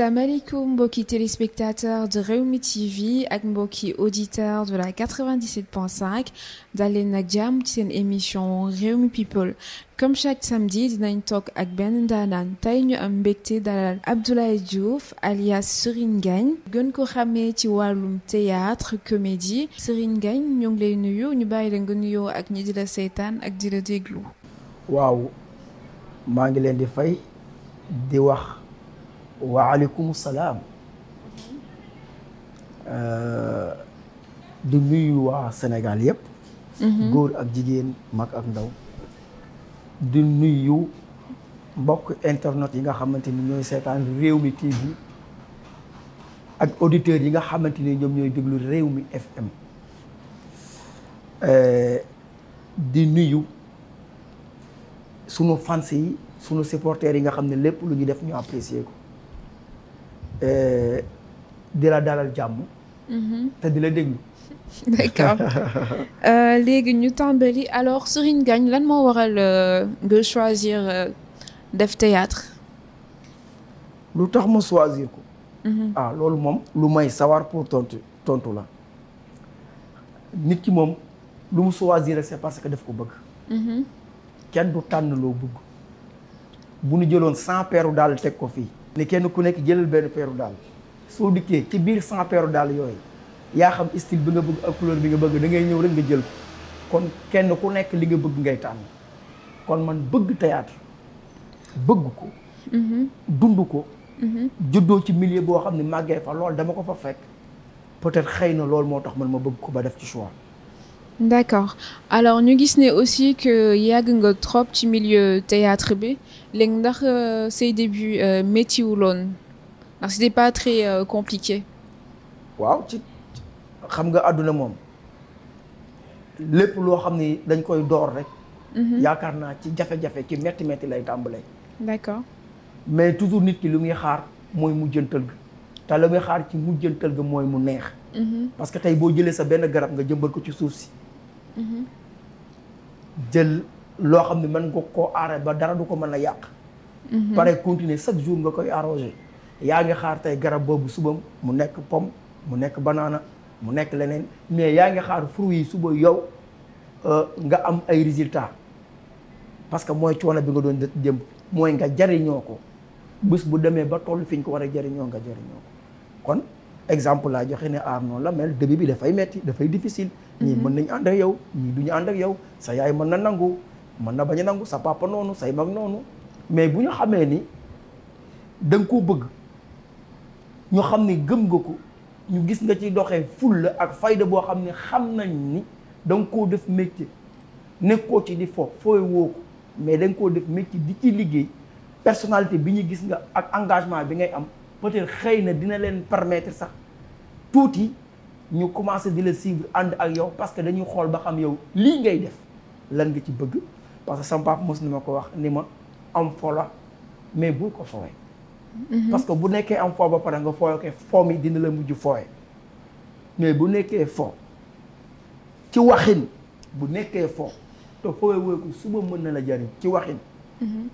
asalaamaaleykum mbokki téléspectateur de Rewmi TV ak mbokki auditeur de la 97.5 dal leen nag jàmm ci seen émission Rewmi People comme chaque samedi dinañ toog ak benn ndaanaan tey ñu am mbégte dalal Abdoulaye Diouf alias Serigne Ngagne gën ko xamee ci wàllum théâtre comédie Serigne Ngagne ñu ngi lay nuyu ñu bàyyi la nga nuyoo ak ñi di la seytaan ak di la déglu. waaw maa ngi leen di fay di wax. waaleykum salaam euh, di nuyu waa Sénégal yëpp. Mhm. góor ak jigéen mag ak ndaw. di nuyu mbokk internet yi nga xamante ni ñooy seetaan réew mi TV ak auditeurs yi nga xamante ni ñoom ñooy déglu réew mi FM. Euh, di nuyu sunu fans yi sunu supporters yi nga xam ne lépp lu ñu def ñu apprécier ko. Eh, di la dalal jàmm. Mm-hmm. te di la déglu. Euh, léegi ñu tàmbali alors Serigne Ngagne lan moo waral euh, nga choisir euh, def théâtre. lu tax ma choisir ko. Mm-hmm. Ah, loolu moom lu may sawar pour tontu tontu la nit ki moom lu mu choisir c'est parce que daf ko bëgg. Mm-hmm. kenn du tànn loo bëgg. bu nu jëloon cent paires daal teg ko fii. ne kenn ku nekk jëlal benn peeru daal soo dikkee ci biir cent peeru daal yooyu yaa xam style bi nga bëgg ak couleur bi nga bëgg da ngay ñëw rek nga jël ko kon kenn ku nekk li nga bëgg ngay tànn kon man bëgg théâtre bëgg ko mm-hmm. dund ko mm-hmm. juddoo ci milieu boo xam ne màggee fa lool dama ko fa fekk peut-être xëy na loolu moo tax man ma bëgg ko ba def ci choix d'accord alors ñu gis ne aussi que yàgg nga trop ci milieu théâtre bi léegi ndax euh, say début euh, métti wu loon ndax c'était pas très euh, compliqué. waaw ci xam nga àdduna moom lépp loo xam ni dañ koy door rek. Mhm. yaakaar naa ci jafe-jafe ki metti metti lay tàmbalee. d'accord mais toujours nit ki lu muy xaar mooy mujjantal ga te lu muy xaar ci mujjantal gi mooy mu neex. Mhm. parce que tey boo jëlee sa benn garab nga jëmbal ko ci suuf si. jël loo xam ne mën nga ko aare ba dara du ko mën a yàq. Mhm. pare continuer chaque jour nga koy arroser. yaa ngi xaar tey garab boobu subam mu nekk pom mu nekk banana mu nekk leneen mais yaa ngi xaar fruits yi suba yow euh, nga am ay résultats parce que mooy coono bi nga doon jëm mooy nga jariñoo ko bés bu demee ba toll fi ñu ko war a jariñoo nga jariñoo kon. exemple laa joxe ne aar ah, noonu la mel début bi dafay metti dafay difficile ñii mhm. mën nañu ànd ak yow ñii du ñu ànd ak yow sa yaay mën na nangu mën na bañ a nangu sa papa noonu say mag noonu mais bu ñu xamee ni da koo bëgg ñu xam ni gëm nga ko ñu gis nga ci doxe ful la ak fayda boo xam ne xam nañ ni da koo def métier nekkoo ci di fo fooy woo ko mais da koo def métier di ci liggéey personnalité bi ñu gis nga ak engagement bi ngay am peut-être xëy na dina leen permettre sax tuuti ñu commencé di la suivre ànd ak yow parce que dañuy xool ba xam yow lii ngay def lan nga ci bëgg parce que sama papa mos na ma ko wax ni ma am fo la mais bul ko foowe mhm. parce que bu nekkee am fo ba pare nga foowe ko fo mi dina la mujj foowe mais bu nekkee fo ci waxin bu nekkee fo te foowe wooyku suba mën na la jariñ ci waxin mhm.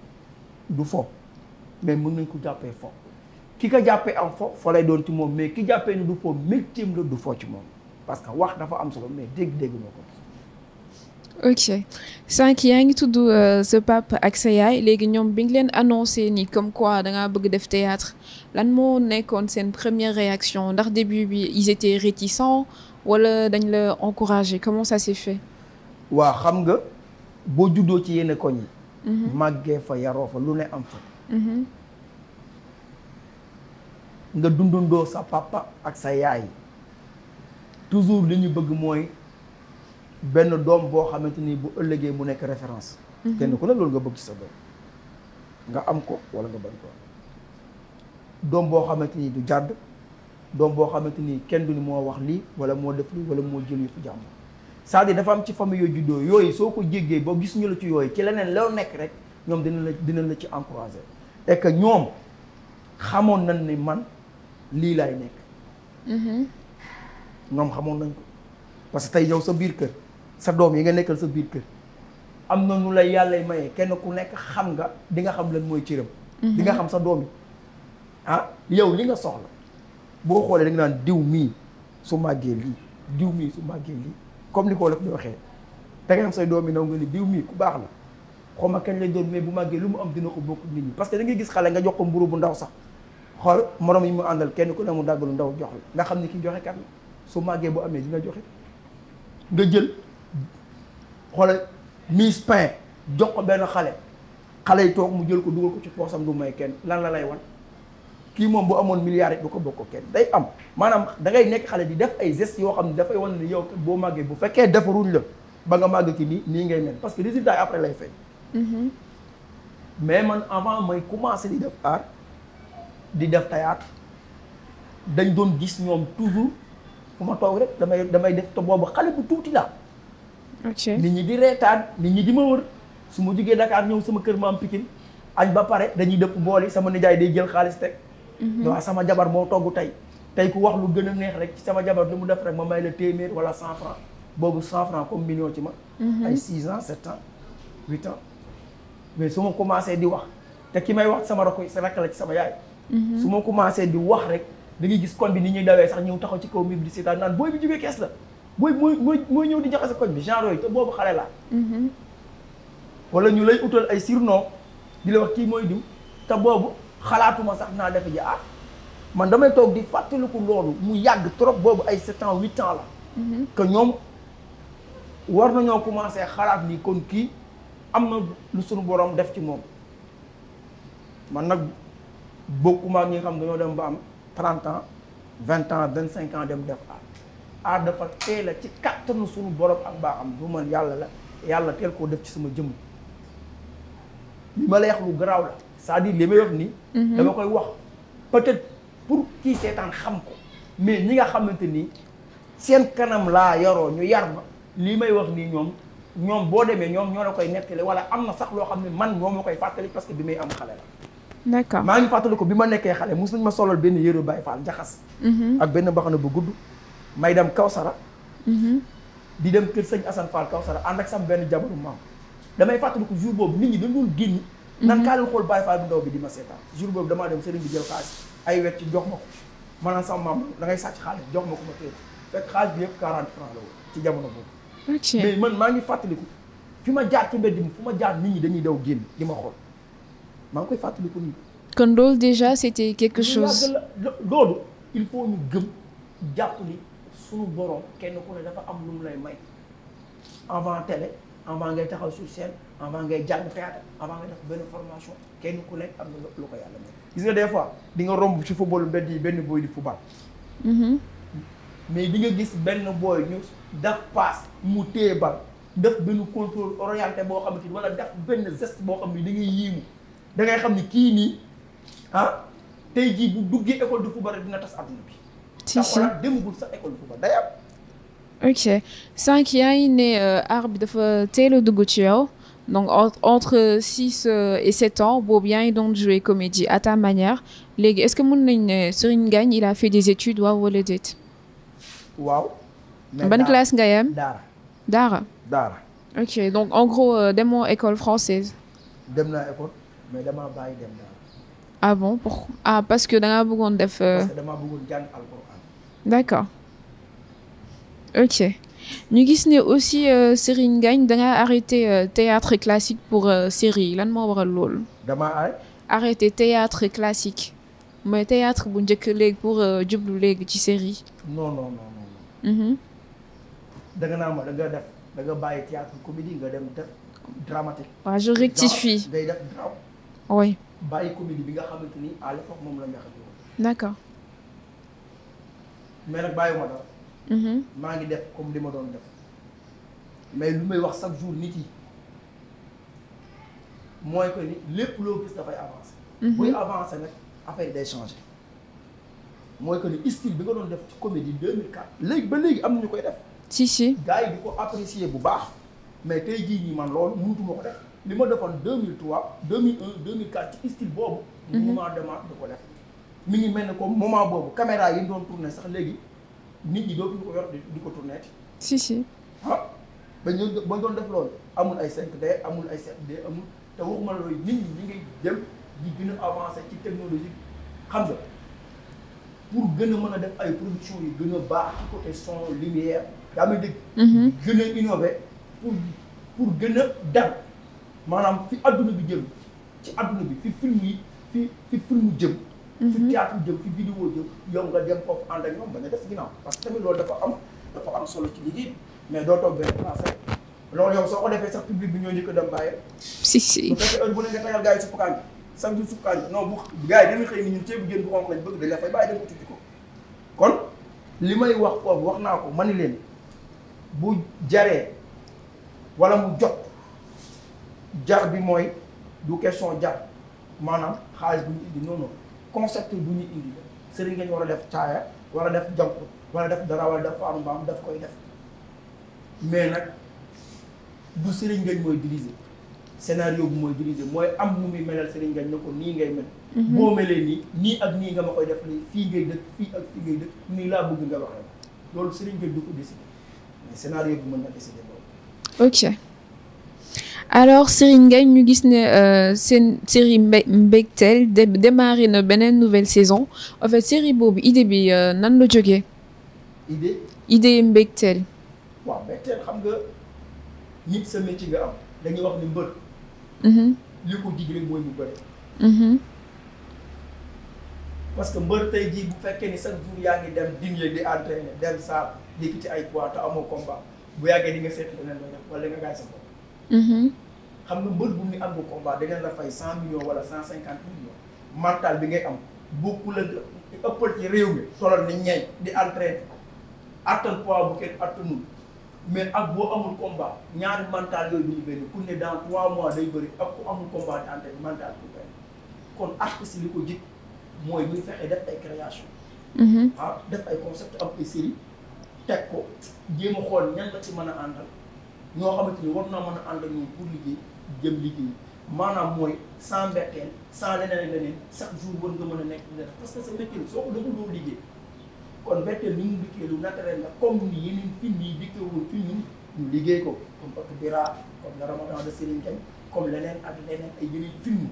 du fo mais mën nañ ko jàppee fo ki ko jàppee am fo fo doon ci moom mais ki jàppee ni du fo métier la du foo ci moom parce que wax dafa am solo mais dégg-dégg moo ko. ok sànq yaa ngi tudd euh, sa papa ak sa yaay léegi ñoom bi ngi leen annoncé nii comme quoi da bëgg def théâtre lan moo nekkoon seen première réaction ndax début bi ils étaient réticents wala dañ la encouragé comment ça s'est fait. waaw xam nga boo juddoo ci yenn koñ yi. Mhm. màggee fa yaroo fa lu ne am fa. Mhm. nga dundundoo sa papa ak sa yaay toujours li ñu bëgg mooy benn doom boo xamante ni bu ëllëgee mu nekk référence. Mhm. kenn ku la loolu nga bëgg ci sa doom nga am ko wala nga bañ ko doom boo xamante ni du jàdd doom boo xamante ni kenn du ni moo wax lii wala moo def lii wala moo jël yëfu jàmm cest à dafa am ci famille yooyu juddoo yooyu soo ko jéggee boo gis ñu la ci yooyu ci leneen loo nekk rek ñoom dina la dina la ci encouragé et que ñoom xamoon nañ ni man. lii laay nekk. Mm-hmm. ñoom xamoon nañ ko parce que tey yow sa biir kër sa doom yi nga nekkal sa biir kër am na nu lay yàlla mayee kenn ku nekk xam nga di nga xam lan mooy cëram. di nga mm-hmm. xam sa doom yi ah yow li nga soxla boo xoolee da nga naan diw mii su màggee lii diw mii su màggee lii comme ni ko la di waxee da nga xam say doom yi ndaw nga ni diw mii ku baax la xaw ma kañ lay doon mais bu màggee lu mu am dina ko bokk nit ñi parce que da ngay gis xale nga jox ko mburu bu ndaw sax. xool moroom yi mu àndal kenn ku ne mu daggalu ndaw jox la nga xam ne kii joxe kat la su màggee bu amee dina joxe nga jël xoola mise pain jox ko benn xale xale yi toog mu jël ko dugal ko ci poosam du may kenn lan la lay wan kii moom bu amoon milliard yi du ko bokk kenn day am maanaam dangay nekk xale di def ay gestes yoo xam ne dafay wan ne yow boo màggee bu fekkee defaruñ la ba nga màgg ci nii nii ngay mel parce que résultat après lay fay mm-hmm. mais man avant may commencé di def art di def théâtre dañ doon gis ñoom toujours fu ma toog rek damay damay def te boobu xale bu tuuti la nit ñi di reetaan nit ñi di ma wër su ma jógee Dakar ñëw sama kër ma am Pikine añ ba pare dañuy dëpp bool sama nijaay day jël xaalis teg mhm. waa sama jabar moo togg tey tey ku wax lu gën a neex rek ci sama jabar lu mu def rek ma may la téeméer wala cent franc boobu cent franc comme million ci ma mhm. ay six ans sept ans huit ans mais su ma commencé di wax te ki may wax sama rakk sama ci sama yaay Mm-hmm. su ma commencé di wax rek da ngay gis koñ bi ni ñuy dawee sax ñu taxaw ci kaw mi bi di seetaan naan booy bi kees la booy mooy mooy mooy ñëw di jaxase koñ bi genre yooyu te boobu xale la mm-hmm. wala ñu lay utal ay surnom di la wax kii mooy diw te boobu xalaatuma sax naa def ji ah man damay toog di fàttaliku loolu mu yàgg trop boobu ay sept ans huit ans la mm-hmm. que ñoom war nañoo commencé xalaat ni kon kii am na lu sunu boroom def ci moom man nag bokkuma ak ñi nga xam dañoo dem ba am 30 ans 20 ans 25 ans dem def aar aar dafa teel a ci kattanu suñu borom ak baaxam du man yàlla la yàlla teel koo def ci sama jëmm li ma lay wax lu garaaw la c'est-à-dire li may wax nii. Mhm. dama koy wax peut-être pour kii seetaan xam ko mais ñi nga xamante ni seen kanam laa yoroo ñu yar ma lii may wax nii ñoom ñoom boo demee ñoom ñoo la koy nettali wala am na sax loo xam ne man ñoo ma koy fàttali parce que bi may am xale d'accord maa ngi fàttaliku bi ma nekkee xale mos nañ ma solal benn yére Baye Fall jaxas mhm. ak benn baxana bu gudd may dem Kawsara mhm. di dem kër sëñ Assane Fall Kawsara ànd ak sam benn jabaru maam damay fàttaliku jour boobu nit ñi dañ doon génn mhm. nan kaa leen xool Baye ndaw bi di ma seetaan jour damaa dem sëriñ bi jël ay wet ci jox ma ko maanaam sama maam da ngay sàcc xaalis jox ma ko ma téye fekk xaalis bi yëpp 40 francs ci jamono boobu mais man maa ngi fàttaliku fi ma jaar ci mbedd mi fu ma jaar nit ñi dañuy daw génn di ma xool maa ngi koy fàttaliku nii. kon loolu déjà c'était quelque chose. loolu il faut ñu gëm jàpp ni suñu borom kenn ku ne dafa am lu mu lay may avant télé avant ngay taxaw sur scène avant ngay jàng théâtre avant ngay def benn formation kenn ku ne am na lu ko yàlla may. gis nga des fois di nga romb ci football mbedd yi benn boy di football. Mm-hmm. mais di nga gis benn booy ñu daf passe mu téye bal def benn contrôle orienté boo xamante ni wala def benn geste boo xam ne da ngay da xam ni kii nii ah tey jii bu duggee école de football dina tas àdduna bi. si si ndax demagul école de football day am. ok sànq yaa ngi ne aar euh, bi dafa teel a dugg ci yow donc entre six euh, et sept ans boobu yaa ngi doon jouer comédie à ta manière léegi est-ce que mën nañ ne Serigne Ngagne il a fait des études waaw wala déet. waaw. ban classe nga yem daara daara. donc en gros euh, demoo école française. mais damaa bàyyi dem ah bon pour ah parce que da ngaa bëggoon def. Euh, parce que damaa bëggoon ok ñu gis ne aussi euh, Serigne Ngagne da danga arrêté euh, théâtre classique pour série lan moo waral loolu. damaa ay. théâtre classique mais théâtre bu njëkk léegi pour jublu léegi ci série. non non non non. Mhm. je rectifie. oui bàyyi comédie bi nga xamante ni à l'époque moom la neexal woon. d'accord. mais nag bàyyiwuma dara. Mm-hmm. maa ngi def comme li ma doon def mais lu may wax chaque jour nit yi mooy que ni lépp loo gis dafay avance mm-hmm. buy avancer nag affaire day changer mooy que ni style bi nga doon def ci comédie 2004 léegi ba léegi am na ñu koy def. si si gars yi di ko apprécier bu baax mais tey jii nii man loolu mënutuma ko def. li ma defoon 2003 2001 2004 ci style boobu. Mhm. moment demaat du ko def. mi ngi mel ni ko moment boobu caméra yi ñu doon tourné sax léegi nit ñi dootuñu ko yor di ko tourné. si si. ah ba ñu ba doon def loolu amul ay 5D amul ay 7D amul te waxuma loolu nit ñi ñu ngi dem di gën a avancé ci technologie xam nga pour gën a mën a def ay production yi gën a baax ci côté son lumière daa may dégg. Mhm. gën a innové pour pour gën a dal. maanaam fi adduna bi jëm ci adduna bi fi film yi fi film jëm mhm. fi théâtre jëm fi vidéo jëm yow nga dem foofu ànd ak ñoom ba def ginnaaw parce que tamit loolu dafa am dafa am solo ci liggéey mais doo toog benn place loolu soo ko defee sax public bi ñoo ñu ko dem bàyyi si si bu fekkee heure xëy ni ñun ceebu jën bu xonk lañ bëgg ko kon li may wax foofu wax naa ko man ni leen bu jaree wala mu jot jar bi mooy du question jar maanaam xaalis bu ñu indi non concept bu ñu indi sëriñ ngeen war a def caaya war a def jànq war a def dara wala def faaru mbaam daf koy def mais nag du sëriñ ngeen mooy diriger scénario bu mooy diriger mooy am nu muy melal sëriñ ngeen ne ko nii ngay mel. Mhm. boo melee nii nii ak nii nga ma koy def nii fii ngay dëkk fii ak fii ngay dëkk nii laa bëgg nga waxee loolu sëriñ ngeen du ko décider mais bi mën na décider loolu. ok. alors Serigne Ngagne ñu gis ne euh, seen série Mbégteel démarré na beneen nouvelle saison en fait série boobu idée bi euh, nan la jógee. idée idée waaw Mbégteel xam nga nit sa métier nga am dañuy wax ni mbër. Mm-hmm. li ko dig rek mooy mu bëri. Mm-hmm. parce que mbër tey jii bu fekkee ni chaque jour yaa ngi dem dingee di entraîner dem saal yëkkati ay poids te amoo combat bu yàggee di nga seetlu leneen loo def nga gaay sa Mm-hmm. xam nga mbër bu ñu am nga combat da ngeen la fay cent millions wala cent cinquante millions mental bi ngay am bokku la ëppal ci réew mi solal ni ñay di entraîné attan poids bu kenn attanul mais ak boo amul combat ñaari mental yooyu duñu benn ku ne dans trois mois day bëri ak ku amul combat di entraîné mental bu benn kon artiste li ko jik mooy muy fexe def ay création mm-hmm. ah def ay concept am ay série teg ko jéem a xool ñan la ci mën a àndal ñoo xamante ni war naa mën a ànd ak ñoom pour liggéey jëm liggéey maanaam mooy sans mbetteel sans leneen ak leneen chaque jour war nga mën a nekk di def parce que sa métier soo ko deful doo liggéey kon mbetteel ni ñu dikkee lu naturel la comme ni yeneen film yi dikkee liggéey ko comme Pâques Bira comme le Ramadan de Serigne comme leneen ak leneen ay yeneen film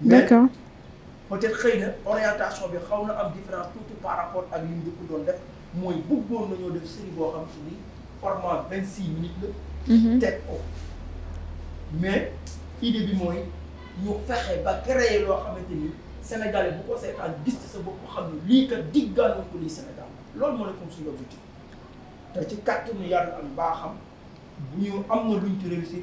d'accord mais peut xëy na orientation bi xaw na am différence tout par rapport ak li ñu doon def mooy bëggoon nañoo def série boo xam si format vingt six minutes la. Mhm. teg ko mais idée bi mooy ñu fexe ba créer loo xamante ni Sénégalais bu ko seetaan gis sa bopp xam ne lii kat diggaanu ko lii Sénégal loolu moo nekkoon suñu objectif te ci kàttanu yàlla am baaxam bu ñu am na luñ ci réussir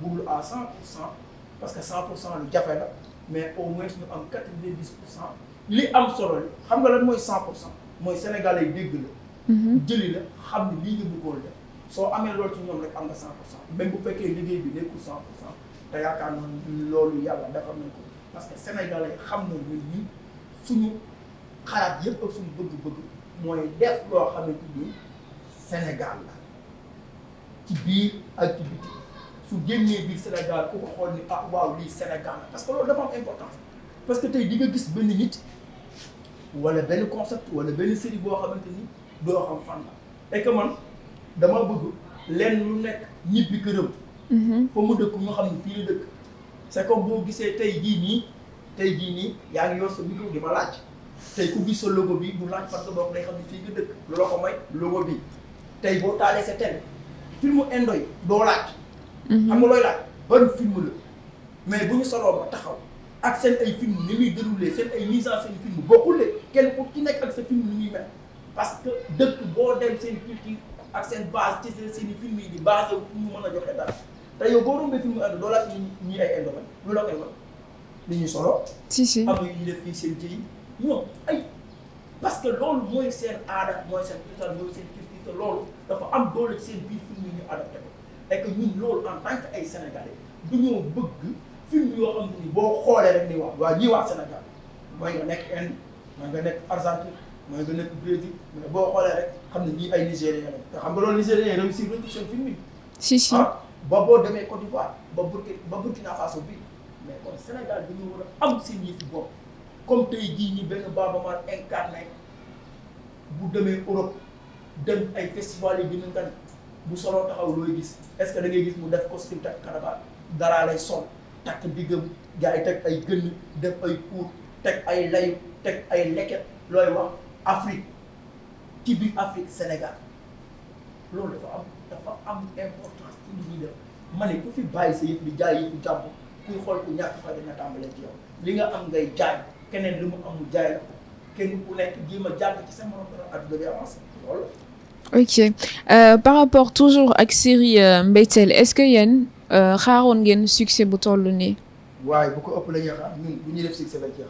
buglu à cent pour cent parce que cent pour cent lu jafe la mais au moins ñu am quatre-vingt-dix pour cent li am solo li xam nga lan mooy cent pour cent mooy Sénégalais dégg la. Mm-hmm. jëli la xam ne lii nga bëggoon def soo amee loolu ci ñoom rek am nga cent pour cent même bu fekkee liggéey bi nekkul cent pour cent te yaakaar loolu yàlla defal nañ ko parce que sénégalais xam na ñun ñi suñu xalaat yëpp ak suñu bëgg-bëgg mooy def loo xamante ni Sénégal la ci biir ak su génnee biir Sénégal ku ko xool ni ah waaw lii Sénégal la parce que loolu dafa am importance parce que tey di nga gis benn nit wala benn concept wala benn série boo xamante ni doo xam fan la que man dama bëgg lenn lu nekk ñibbi këram. Mhm. fa mu dëkk ñu xam ne fii la dëkk. c'est comme boo gisee tey gii nii tey jii nii yaa ngi yor sa micro di ma laaj tey ku gis sa logo bi bu laaj parce que boo day xam ne fii nga dëkk looloo ko may logo bi tey boo taalee sa tel filmu indo yi doo laaj. Mhm. xam nga looy film la mais bu ñu soloo ba taxaw ak seen ay film ni muy déroulé seen ay mise en scène film bokkul kenn ku ci nekk ak sa film ni muy mel. parce que dëkk boo dem seen culture ak seen base ci seen seen i film yi di basé wu ñu mën a joxe dara te yow boo rombee film indo doo la ñu solo si si am yu ñu seen que loolu mooy seen aada dafa am doole ci biir film yi ñu adapté ko et ñun loolu en tant que ay sénégalais du ñoo bëgg film yoo xam ni boo xoolee rek ni wax waaw ñii waa Sénégal mooy nga nekk Inde mooy nga nekk Argentine mooy nga nekk politique mu boo xoolee rek xam ne ñii ay Nigériens lañ te xam nga loolu Nigériens yi réussir si ko seen film bi. si si ah ba boo demee Côte d'Ivoire ba Burkina ba Burkina Faso bi mais kon Sénégal dañu war am seen yëfi bopp comme tey jii ñi benn Baaba Maal bu demee Europe dem ay festival yi dina tànn bu solo taxaw looy gis est-ce que da ngay gis mu def costume takk karabaat daraa lay sol takk diggam gars yi teg ay gënn def ay kuur teg ay lay teg ay leket looy wax. Afrique ci biir Afrique Sénégal loolu dafa am dafa am importance ci li ñuy def ma ne ku fi bàyyi sa yëf di jaay yëfu jàmm kuy xool ku ñàkk fa nga tàmbalee ci yow li nga am ngay jaay keneen li mu amul jaay la kenn ku nekk jéem a jàng ci sa morom dara adduna bi avancé loolu ok euh, par rapport toujours ak série euh, Mbeyteel est-ce que yéen euh, xaaroon ngeen succès bu toll nii. waaye bu ko ëpp la ñuy xaar ñun bu ñuy def succès lañ ci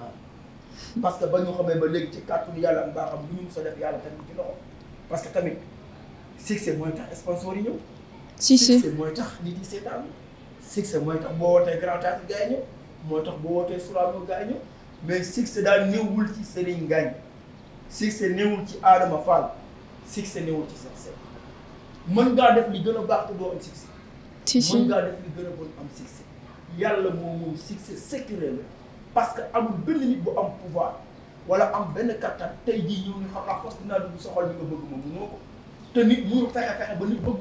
parce que ba ñu xamee ba léegi ci kàttanu yàlla ak baaxam lu ñu mos a def yàlla tamit ci loxo parce que tamit succès mooy tax sponsor yi si si mooy tax nit yi seetaan succès mooy tax boo wootee Grand Théâtre gaa mooy tax boo wootee Sorano gaa yi mais succès daal néewul ci Serigne Ngagne succès néewul ci Adama Fall succès néewul ci Cheikh Seck mën ngaa def li gën a baax te doo am succès. si si mën ngaa def li gën a bon am succès yàlla moom moom succès sécuré parce que amul benn nit bu am pouvoir wala am benn kattan tey jii ñëw ñu xam la force dinaa dugg soxal bi nga bëgg ma ko te nit mënu fexe fexe ba nit bëgg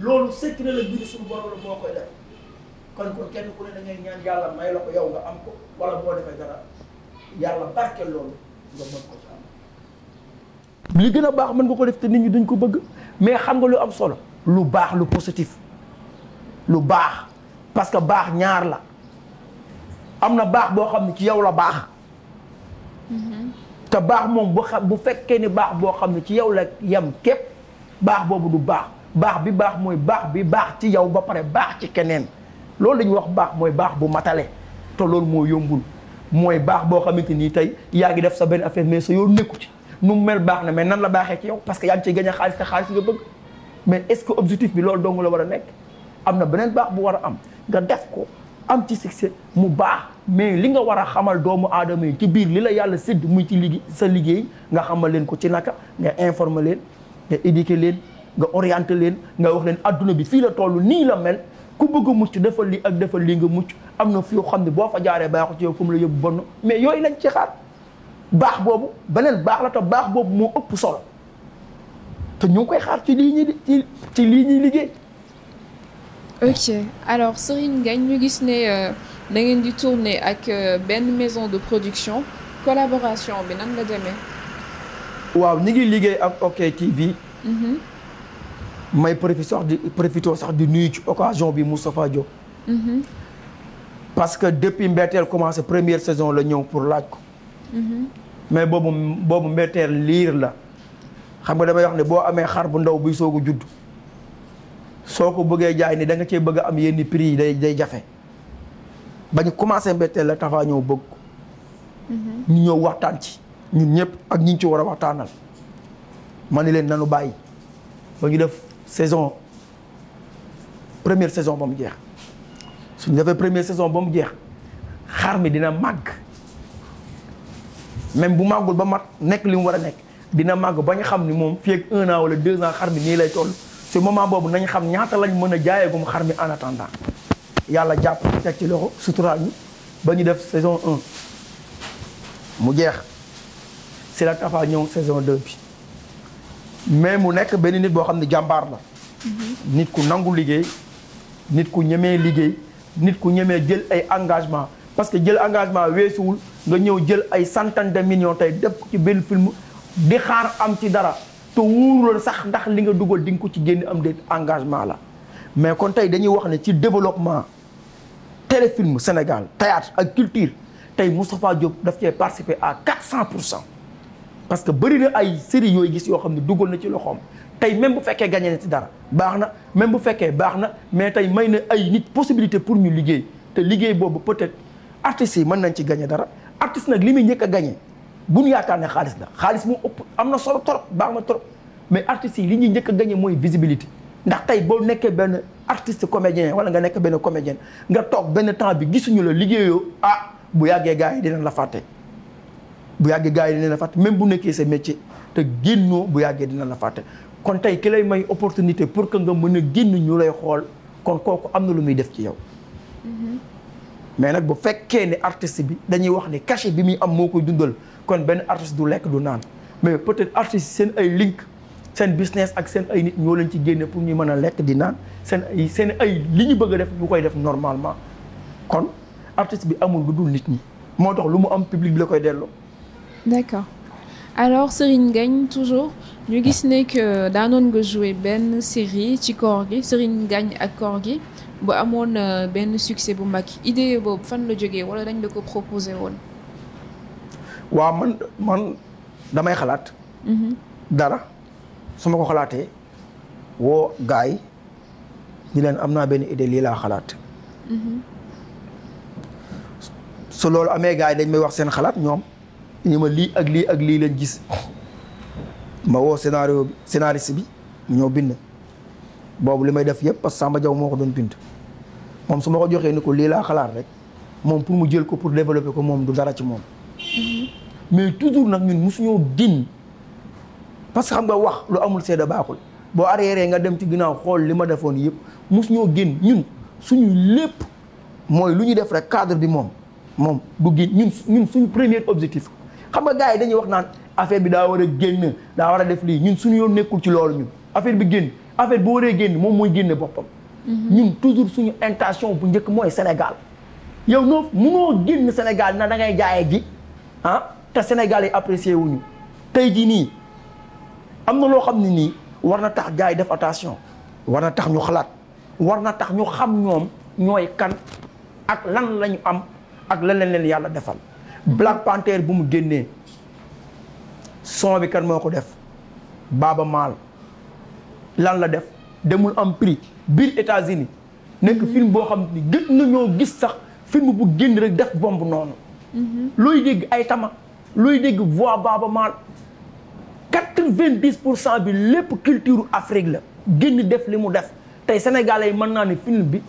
loolu secret la biir suñu borom moo koy def kon kon kenn ku ne da ñaan yàlla may la ko yow nga am ko wala boo defee dara yàlla barke loolu nga mën ko ci li gën a baax mën nga ko def te nit ñi duñ ko bëgg mais xam nga lu am solo lu baax lu positif lu baax parce que baax ñaar la. am na baax boo xam ne ci yow la baax mm-hmm. te baax moom bu xam bu fekkee ni baax boo xam ne ci yow la yem képp baax boobu du baax baax bi baax mooy baax bi baax ci yow ba pare baax ci keneen loolu dañu wax baax mooy baax bu matale te loolu moo yombul mooy baax boo xamante nii tey yaa ngi def sa benn affaire mais sa yoon nekku ci nu mel baax na mais nan la baaxee ci yow parce que yaa ngi ciy a xaalis te xaalis nga bëgg mais est-ce que objectif bi loolu dong la war a nekk am na beneen baax bu war a am nga def ko am ci succès mu baax mais li nga war a xamal doomu aadama yi ci biir li la yàlla sédd muy ci liggéey sa liggéey nga xamal leen ko ci naka nga informer leen nga éduquer leen nga orienter leen nga wax leen adduna bi fii la toll nii la mel ku bëgg a mucc defal lii ak defal lii nga mucc am na fi yoo xam ne boo fa jaaree baaxu ci yow fu la yóbbu bon mais yooyu lañ ci xaar baax boobu beneen baax la te baax boobu moo ëpp solo te ñu koy xaar ci lii ñuy ci ok alors Serigne Ngagne ñu gis ne euh, da ngeen di tourner ak euh, benn maison de production collaboration bi nan la demee. waaw ñu ngi liggéey ak OK TV. Mhm. may profité sax di profité sax di nuyu ci occasion bi Moustapha Diop. Mhm. parce que depuis mberteel commencé première saison la ñëw pour laaj ko. Mhm. mais boobu boobu Mbetteel liir la. xam nga damay wax ne boo amee xar bu ndaw buy soog a judd. soo ko bëggee jaay ni da nga cee bëgg am yenn prix yi day day jafe ba ñu commencé mbetteel la tafaa ñëw bëgg mm-hmm. ñu ñëw waxtaan ci ñun ñëpp ak ñi ñu ci war a waxtaanal ma ne leen nanu bàyyi ba ñu def saison première saison ba mu jeex suñu defee première saison ba mu jeex xar mi dina màgg même bu màggul ba ma nekk li mu war a nekk dina màgg ba ñu xam ni moom fii ak un an wala deux ans xar mi nii lay tool si moment boobu nañ xam ñaata lañ mën a mu xar mi en attendant yàlla jàpp teg ci loxo suturaal ñu ba ñu def saison 1 mu jeex si la Tapha ñëw saison 2 bi mais mu nekk benn nit boo xam ne jàmbaar la mm-hmm. nit ku nangu liggéey nit ku ñemee liggéey nit ku ñemee jël ay engagement parce que jël engagement weesuwul nga ñëw jël ay centaine de tey def ko ci benn film di xaar am ci dara te wóorul sax ndax li nga dugal di nga ko ci génn am déet engagement la mais kon tey dañuy wax ne ci développement téléfilm Sénégal théâtre ak culture tey Moustapha Diop daf cee participer à quatre cent pour cent parce que bëri na ay série yooy gis yoo xam ne dugal na ci loxoom tey même bu fekkee gagné na ci dara baax na même bu fekkee baax na mais tey may na ay nit possibilité pour ñu liggéey te liggéey boobu peut-être artistes yi mën nañ ci gagné dara artiste nag li muy njëkk a gagné bu ñu yaakaar ne xaalis la xaalis moo ëpp am na solo trop baax ma trop mais artistes yi li ñuy njëkk a gagné mooy visibilité ndax tey boo nekkee benn artiste comédien wala nga nekk benn comédien nga toog benn temps bi gisuñu la liggéeyoo ah bu yàggee gars yi dinañ la fàtte. bu yàggee gars yi dinañ la fàtte même bu nekkee sa métier te génnoo bu yàggee dina la fàtte kon tey ki lay may opportunité pour que nga mën a génn ñu lay xool kon kooku am na lu muy def ci yow. Mm-hmm. mais nag bu fekkee ne artiste bi dañuy wax ne cachet bi muy am moo koy dundal. kon benn artiste du lekk du naan mais peut-être artiste seen ay link seen business ak seen ay nit ñoo leen ci génne pour ñu mën a lekk di naan seen ay seen ay li ñu bëgg a def ñu koy def normalement kon artiste bi amul lu dul nit ñi moo tax lu mu am public bi la koy delloo. d'accord alors Serigne Ngagne toujours ñu gis ne que daanoon nga joue benn série ci koor gi Serigne Ngagne ak koor gi bu amoon euh, benn succès bu mag idée boobu fan la jógee wala dañ la ko proposé woon. waa man man damay xalaat. Mm-hmm. dara su ma ko xalaatee woo gaay yi ñu leen am naa benn idée lii laa xalaat. Mm-hmm. su loolu amee gaay dañ may wax seen xalaat ñoom ñu ma lii ak lii ak lii leen gis ma woo scénario bi scénariste bi ñoo bind. boobu li may def yëpp parce que Samba moo ko doon bind moom su ma ko joxee ni ko lii laa xalaat rek moom pour mu jël ko pour développer ko moom du dara ci moom. mais toujours nag ñun mosuñoo génn parce que xam nga wax lu amul seede baaxul boo arrière nga dem ci ginnaaw xool li ma defoon yëpp mosuñoo génn ñun suñu lépp mooy lu ñu def rek cadre bi moom moom du génn ñun ñun suñu premier objectif xam nga gars yi dañuy wax naan affaire bi daa war a génn daa war a ñun suñu yoon nekkul ci loolu ñun affaire bi génn affaire bu waree moom mooy génne boppam mm-hmm. ñun toujours suñu intention bu njëkk mooy Sénégal yow noo génn Sénégal na da ngay ji Ah te Sénégal yi apprécié wuñu tey jii nii am na loo xam ne nii war na tax gars yi def attention war na tax ñu xalaat war na tax ñu xam ñoom ñooy kan ak lan lañu am ak lan lañ leen yàlla defal Black Panther bu mu génnee son bi kan moo ko def Baaba Maal lan la def demul am prix biir États-Unis nekk film boo xam ni gën nañoo gis sax film bu génn rek def bomb noonu Mm-hmm. looy dégg ay tama looy dégg voix Baaba Maal quatre-vingt-dix pour cent bi lépp culture Afrique la génn def li mu def tey sénégalais yi mën naa ne film bi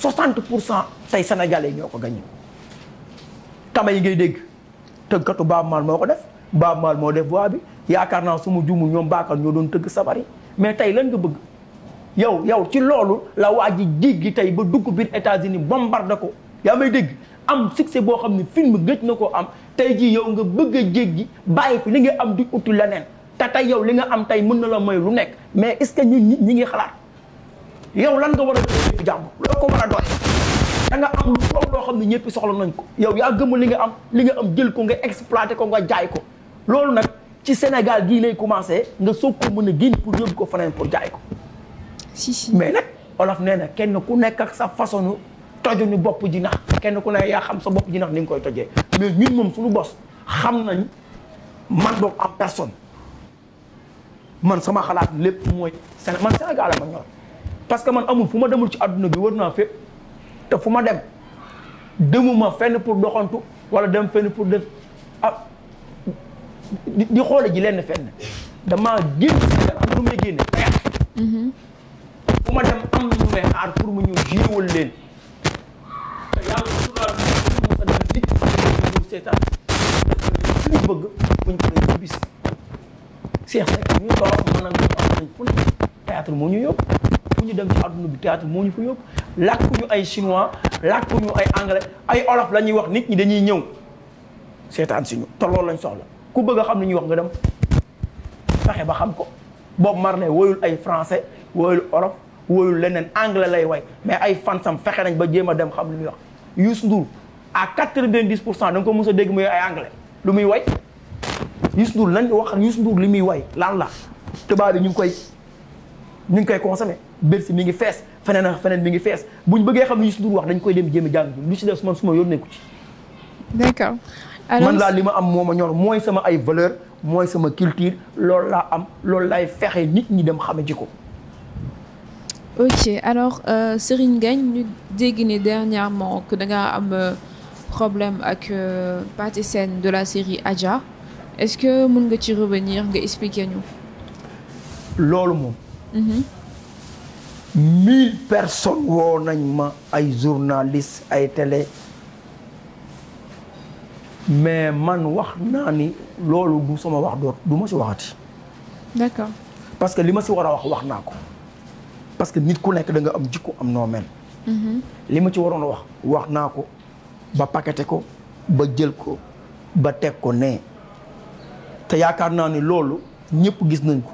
soixante pour cent tey sénégalais ñoo ko gagné tama yi ngay dégg tëggkatu Baaba Maal moo ko def Baaba Maal moo def voix bi yaakaar naa su ma juumul ñoom baakal ñoo doon tëgg sabar mais tey lañ nga bëgg yow yow ci loolu la waa ji jiig gi tey ba dugg biir États-Unis bombardé ko yaa may dégg am succès boo xam ne film gëj na ko am tey jii yow nga bëgg a jéggi bàyyi fi li nga am di utu leneen te tey yow li nga am tey mën na la mooy lu nekk mais est-ce que ñun ñi ngi xalaat yow lan nga war a doy jàmbur ko war a da nga am lu toog loo xam ne ñëpp soxla nañ ko yow yaa gëmm li nga am li nga am jël ko nga exploité ko nga jaay ko loolu nag ci Sénégal gii lay commencé nga soog ko mën a génn pour yóbbu ko feneen pour jaay ko. si mais nag Wolof nee na kenn ku nekk ak sa façon. tojuñu bopp ji kenn ku ne yaa xam sa bopp ji nax koy tojee mais ñun moom suñu bos xam nañ man boog am personne man sama xalaat lépp mooy man Sénégal ma ñor parce que man amul fu ma demul ci àdduna bi wër naa fépp te fu ma dem demuma fenn pour doxantu wala dem fenn pour def ah di xoole ji lenn fenn damaa génn Sénégal am lu may génne mm-hmm. fu ma dem am lu may xaar pour mu ñëw jiwal leen histoire bi ñu fa def nit ñu seetaan suñu bëgg buñ paree ci bis seex rek ñu toog mën nañ ko am nañ fu ne théâtre moo ñu yóbbu fu ñu dem ci àdduna bi théâtre moo ñu fa yóbbu làkkuñu ay chinois làkkuñu ay anglais ay olof la ñuy wax nit ñi dañuy ñëw seetaan si ñu te loolu lañ soxla ku bëgg a xam lu ñuy wax nga dem fexe ba xam ko Bob Marley woyul ay français woyul olof woyul leneen anglais lay way mais ay fansam fexe nañ ba jéem a dem xam lu ñuy wax Youssou Ndour à quatre-vingt-dix pour cent da nga ko a dégg muy ay anglais lu muy way Youssou Ndour lan wax Youssou Ndour li muy way lan la tubaab yi ñu ngi koy ñu ngi koy consommé Bercy mi ngi fees feneen a feneen mi ngi fees buñ bëggee xam ne Youssou Ndour wax dañ koy dem jéem a jàng lu ci def man su ma yónnee ko ci. man laa li ma am moom ma ñor mooy sama ay valeur mooy sama culture loolu laa am loolu laay fexe nit ñi dem xame ci ko. ok alors euh, Serigne Ngagne ñu dégg ni dernièrement que da nga am euh, problème ak euh, partie scène de la série Adja est-ce que mën nga ci revenir nga expliquer ñu. loolu moom. Mhm. mille personnes woo nañ ma ay journaliste ay télé mais man wax naa ni loolu du sama wax doot du ma ci waxati. d'accord. parce que li ma ci war a wax wax naa ko. parce que nit ku nekk danga am jikko am noo mel. Mm-hmm. li ma ci waroon wax wax naa ko ba paqueté ko ba jël ko ba teg ko nee te yaakaar naa ni loolu ñëpp gis nañ ko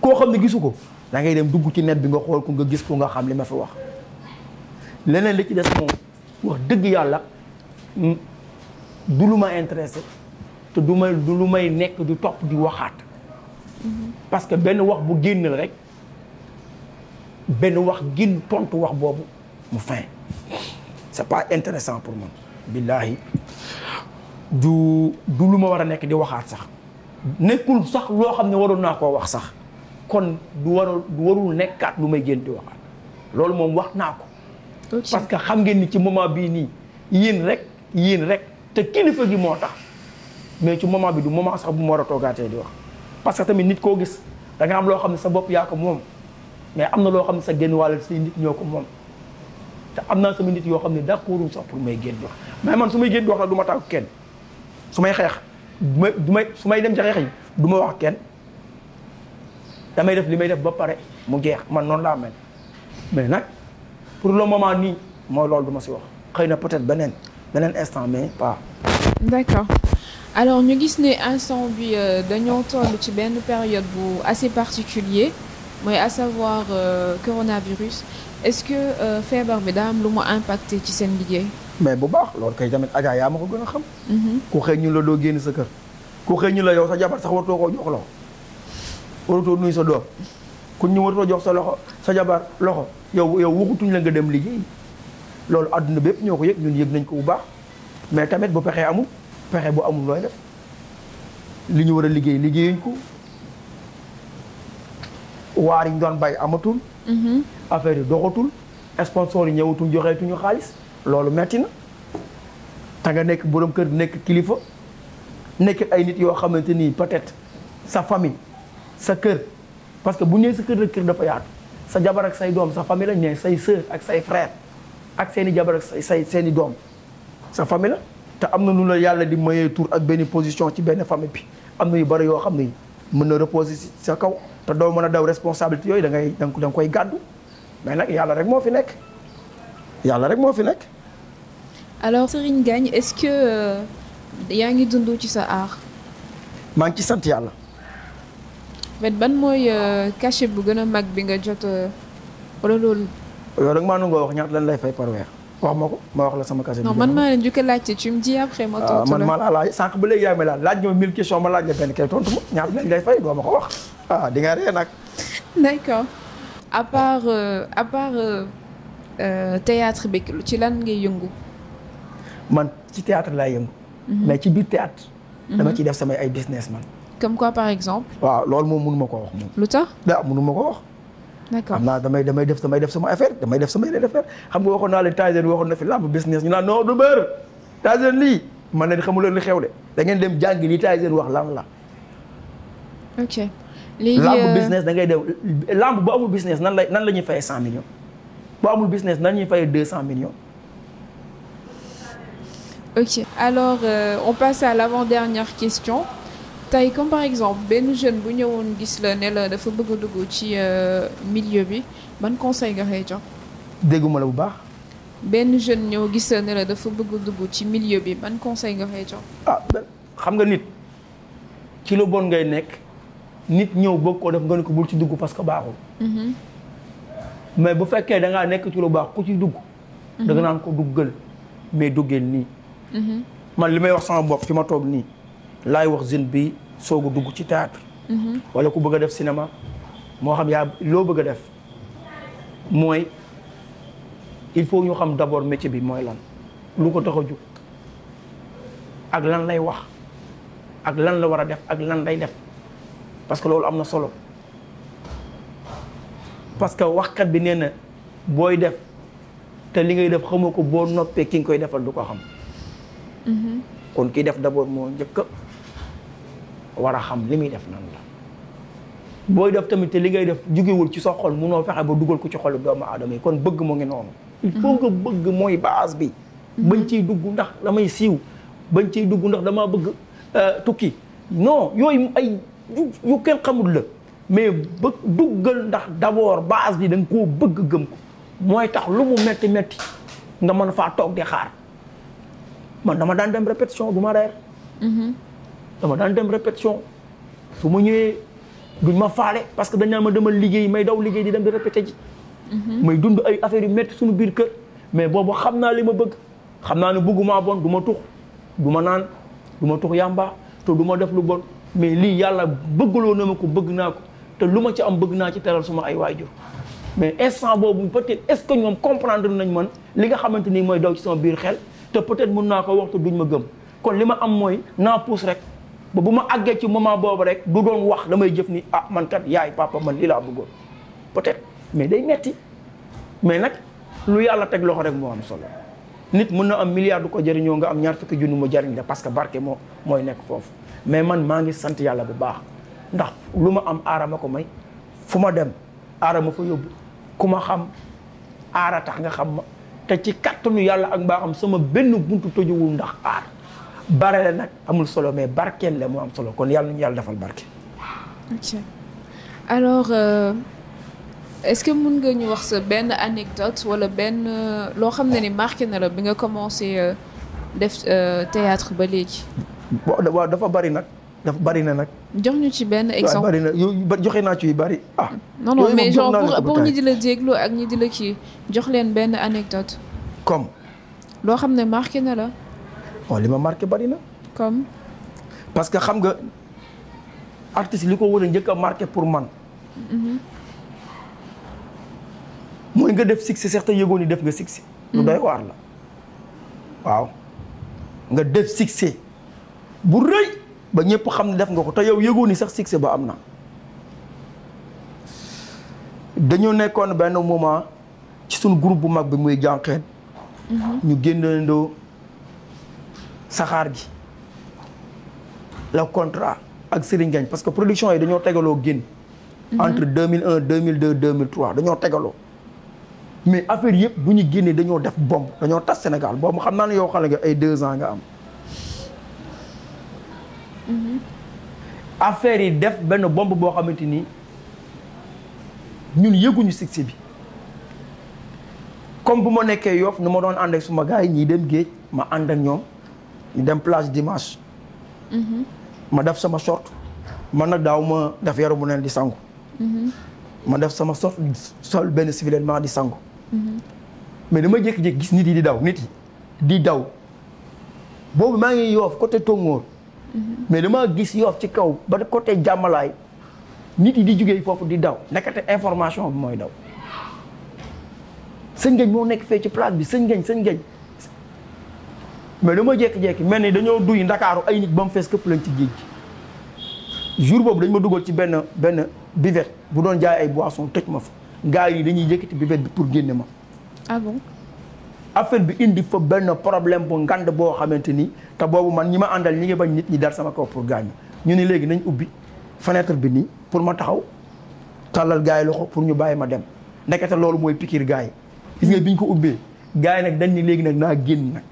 koo xam ne gisu ko da ngay dem dugg ci net bi nga xool ko nga gis ko nga xam li ma fi wax leneen li ci des moom wax dëgg yàlla mm, du lu ma intéressé te du may lu may nekk du topp di waxaat mm-hmm. parce que benn wax bu génn rek benn wax gin tontu wax boobu mu fin c'est pas intéressant pour man billaahi du du lu ma war a nekk di waxaat sax nekkul sax loo xam ne waroon naa koo wax sax kon du warul du warul nekkaat lu may génn di waxaat loolu moom wax naa ko parce que xam ngeen ni ci moment bii nii yéen rek yéen rek te kilifa gi moo tax mais ci moment bi du moment sax bu ma war a toogaatee di wax parce que tamit nit koo gis da nga am loo xam ne sa bopp yaa ko moom mais am na loo xam ne sa génn wàll si nit ñoo ko moom te am naa sama nit yoo xam ne d'accordul sax pour may génn wax mais man su may génn wax nag du ma tàggu kenn su may xeex du may su may dem ci xeex yi du wax kenn damay def li may def ba pare mu jeex man noonu laa mel mais nag pour le moment nii mooy loolu duma si wax xëy na peut-être beneen beneen instant mais pas. d'accord alors ñu gis ne instant bi euh, dañoo toll ci benn période bu assez particulier mooy à savoir euh, coronavirus est-ce que euh, feebar bi daa am lu mu impacté ci seen liggéey. mais bu baax loolu koy tamit Adja yaa ma ko gën a xam. Mhm. ku xëy la doo génn sa kër. ku xëy ñu la yow sa jabar sax warutoo koo jox loxo warutoo nuyu sa doom ku ñu warutoo jox sa loxo sa jabar loxo yow yow waxutuñ la nga dem liggéey loolu àdduna bépp ñoo ko yëg ñun yëg nañ ko bu baax mais tamit bu pexee amul pexe bu amul looy def li ñu war a liggéey liggéeyuñ ko. waar yi ñu doon bay amatul. Mhm. affaire yi doxatul. sponsor yi ñëwatuñ joxeetuñu xaalis loolu metti na te nga nekk borom kër nekk kilifa nekk ay nit yoo xamante ni peut-être sa famille sa kër parce que bu ñëwee sa kër la kër dafa yaatu sa jabar ak say doom sa famille la ñu say sœur ak say frère ak seeni jabar ak say seen doom sa famille la te am na nu la yàlla di mayee tour ak benn position ci benn famille bi am na yu bari yoo xam ne. mën na reposer sa kaw te doo mën a daw responsabilité yooyu da ngay da nga koy gàddu mais nag yàlla rek moo fi nekk yàlla rek moo fi nekk. alors Serigne Ngagne est-ce que euh, yaa ngi dund ci sa art. maa ngi ci sant yàlla. mais ban mooy euh, cachet bu gën a mag bi nga jot euh, wala loolu. yow rek maa nangoo wax ñaata lan lay fay par weer. wax ma ko ma wax la sama casier. non man maa leen a laajte ah, la man maa la laaj sànq may laaj laaj nga ma mille questions ma laaj la benn kay tontu ma ñaata lañ lay fay doo ko wax ah ree nag. d'accord à part euh, euh, euh, théâtre bi ci lan ngay yëngu. man ci théâtre laay yëngu. Mhm. mais ci biir théâtre. dama mhm. ci def samay ay business man. comme quoi par exemple. waaw loolu moom mënu ma koo wax moom. lu tax. ah mënu koo wax. d'accord am naa damay damay def damay def sama affaire damay def sama yeneen affaire xam nga waxoon naa leen Tyson waxoon na fi làmb business ñu naan non du bër Tyson lii man leen xamu leen li xew de da ngeen dem jàngi li Tyson wax lan la. Euh, business da ngay dem làmb bu amul business nan la nan la ñuy fayee cent millions bu amul business nan la ñuy fayee deux cent millions. ok alors euh, on passe à l'avant-dernière question. tey comme par exemple benn jeune bu ñëwoon gis la ne dafa bëgg a dugg ci euh, milieu bi ban conseil nga koy jox. dégguma la bu baax. benn jeune ñëw gis la ne dafa bëgg a dugg ci milieu bi ban conseil nga koy jox. ah xam nga nit ci lu bon ngay nekk nit ñëw bëgg koo def nga ne ko bul ci dugg parce que baaxul. Mm-hmm. mais bu fekkee da ngaa nekk ci lu baax ku ci dugg. Mm-hmm. da nga naan ko duggal mais duggeel nii. Mm-hmm. man li may wax sama bopp ci ma toog nii. laay wax jeune bi soog a dugg ci théâtre mhm. wala ku bëgg a def cinéma moo xam yaa loo bëgg a def mooy il faut ñu xam d'abord métier bi mooy lan lu ko tax a jóg ak lan lay wax ak lan la war a def ak lan lay def parce que loolu am na solo parce que waxkat bi nee na booy def te li ngay def xamoo ko boo noppee ki nga koy defal du ko xam mhm. kon kiy def d'abord moo njëkk war a xam li muy def nan booy def tamit te li ngay def jugewul ci sa mu munoo fexe ba dugal ko ci xolu doomu aadama yi kon bëgg mu ngi noonu il faut bëgg mooy base bi bañ ciy dugg ndax damay siiw bañ ciy dugg ndax damaa bëgg euh, tukki non yooyu ay yu kenn xamul la mais bëgg duggal ndax d'abord base bi da nga koo bëgg gëm ko mooy tax lu mu metti metti nga mën faa toog di xaar man dama daan dem répétition du ma reer mm-hmm. dama daan dem répétition su ma ñëwee duñ ma faale parce que dañ ma demal liggéey may daw liggéey di dem di répété ji. Mhm. may dund ay affaire yu metti suñu biir kër. mais boobu xam naa li ma bëgg xam naa ne bëgguma bon du ma tux du ma naan du ma tux yàmba te du def lu bon mais lii yàlla bëggaloo na ma ko bëgg naa ko te lu ma ci am bëgg naa ci teral suma ay waajur. mais instant boobu peut-être est que ñoom comprendre nañ man li nga xamante ni mooy daw ci sama biir xel te peut-être mën naa ko wax te ma gëm kon li ma am mooy naa puus rek. ba bu ma àggee ci moment boobu rek du doon wax damay jëf nii ah man kat yaay papa man lii laa bëggoon peut-être mais day metti mais nag lu yàlla teg loxo rek moo am solo nit mën na am milliard du ko jëriñoo nga am ñaar fukki junni mu jariñ la parce que barke moo mooy nekk foofu mais man maa ngi sant yàlla bu baax ndax lu ma am aara ma ko may fu ma dem aara ma fa yóbbu ku ma xam aara tax nga xam ma te ci kattanu yàlla ak mbaaxam sama benn buntu tëjuwul ndax aar bare la nag amul solo mais barkeel la moo am solo kon yàlla nañu yàlla defal barke. ok alors euh, est-ce que mën nga ñu wax sa benn anecdote wala benn euh, loo xam ne ni marqué na la bi nga commencé euh, def théâtre ba léegi. waaw dafa bari nag. dafa bari na nag. jox ñu ci benn exemple bari na joxe naa ci yu bari ah. non non mais genre pour ñi di la déglu ak ñi di la kii jox leen benn anecdote. comme. loo xam ne marqué na la. waaw oh, li ma marqué bari na. comme. parce que xam nga artiste li ko war a njëkk a marqué pour man. mooy nga def succès sax te yëgoon ni def nga succès. lu doy waar la waaw. nga def succès bu rëy ba ñëpp xam ne def nga ko te yow yëgoon ni sax succès ba am na. dañoo nekkoon benn moment ci suñu groupe bu mag bi muy jànqeen. Mhm. ñu génnandoo saxaar gi la contrat ak Serigne Gagne parce que production yi dañoo tegaloo génn. Mhm. entre 2001 2002 2003 dañoo tegaloo. mais affaire yëpp bu ñu génnee dañoo def bomb dañoo tas Sénégal boobu xam naa ne yow xam nga ay deux ans am. Mhm. affaire yi def benn bomb boo xamante ni ñun yëguñu succès bi comme bu ma nekkee Yoff nu ma doon ànd ak suma gars yi ñiy dem géej ma ànd ak ñoom. ñu dem plage dimanche. Mm-hmm. ma def sama short man na daaw ma def yaru bu neen di sangu. Mm-hmm. ma def sama short sol benn civilement di sangu. Mm-hmm. mais dama jékki-jékki gis nit yi di daw nit yi di daw boobu maa ngi yoof côté Tongoor. mais dama gis yoof ci kaw ba côté jàmmalaay nit yi di jugee foofu di daw nekkate information bi mooy daw. sëñ Gueye moo nekk fee ci place bi sëñ Gueye sëñ Gueye. mais ma jékki-jékki mel ni dañoo duy ndakaaru ay nit ba mu fees këpp lañ ci géej gi jour boobu dañ ma dugal ci benn benn buvette bu doon jaay ay boissons tëj ma fa gars yi dañuy yëkkati buvette bi pour génne ma. ah bon. bi indi fa benn problème bu ngande boo xamante ni te boobu man ñi ma àndal ñi ngi bañ nit ñi dal sama kaw pour gaañu ñu ni léegi nañ ubbi fenêtre bi nii pour ma taxaw tàllal gars yi loxo pour ñu bàyyi ma dem ndekete loolu mooy pikiir gars yi. biñ ko ubbee gars yi nag dañ ni léegi nag naa génn nag.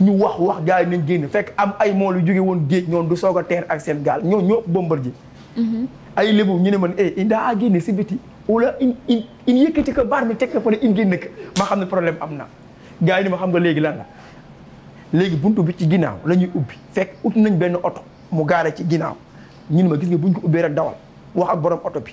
ñu wax wax gars yi nañ génn fekk am ay moo lu jóge woon géej ñoom du soog a teer ak seen gaal ñoo ñoo bombar ji mhm. ay lébu ñu ne man eh indaa a génne si biti wala in in in yëkkati ko baar mi teg ko fa ne in génn ko ma xam ne problème am na gars yi xam nga léegi lan léegi buntu bi ci ginnaaw la ñuy ubbi fekk ut nañ benn oto mu gaare ci ginnaaw ñu ma gis nga buñ ko ubbee rek dawal wax ak borom oto bi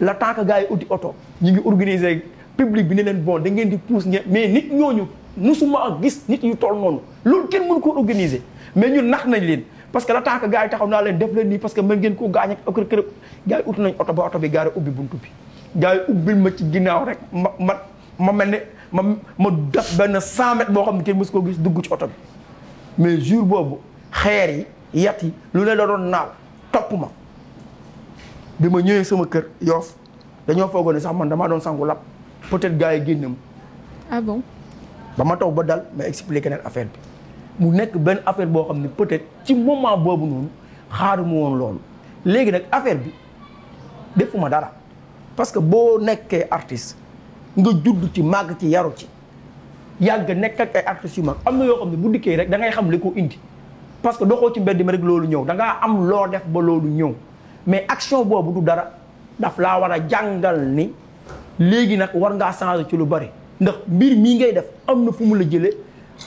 la tant que gars yi uti oto ñu ngi organiser public bi ne leen bon da ngeen di pousse ngeen mais nit ñooñu ak gis nit yu tool noonu loolu kenn mënu ko organiser mais ñun nax nañ leen parce que la tax gars yi taxaw naa leen def leen nii parce que mën ngeen koo gaañ ak kër gaa gars yi ut nañ oto ba oto bi gaare ubbi buntu bi gars yi ubbil ma ci ginnaaw rek ma ma ma mel ne ma ma def benn 100 mètres boo xam ne kenn su koo gis dugg ci oto bi mais jour boobu xeer yi yat yi lu ne la doon naaw topp ma bi ma ñëwee sama kër yoof dañoo foogoon ne sax man damaa doon sangu lap peut gars yi génnam ah bon ba ma toog ba dal ma expliqué leen affaire bi mu nekk benn affaire boo xam ne peut-être ci moment boobu noonu xaaruma woon loolu léegi nag affaire bi defuma dara parce que boo nekkee artiste nga judd ci màgg ci yaru ci yàgg nekk ak ay artistes yu mag am na yoo xam ne bu dikkee rek da ngay xam li ko indi parce que doxoo ci mbedd mi rek loolu ñëw dangaa am loo def ba loolu ñëw mais action boobu du dara daf laa war a jàngal ni léegi nag war ngaa changer ci lu bari ndax mbir mii ngay def am na fu mu la jële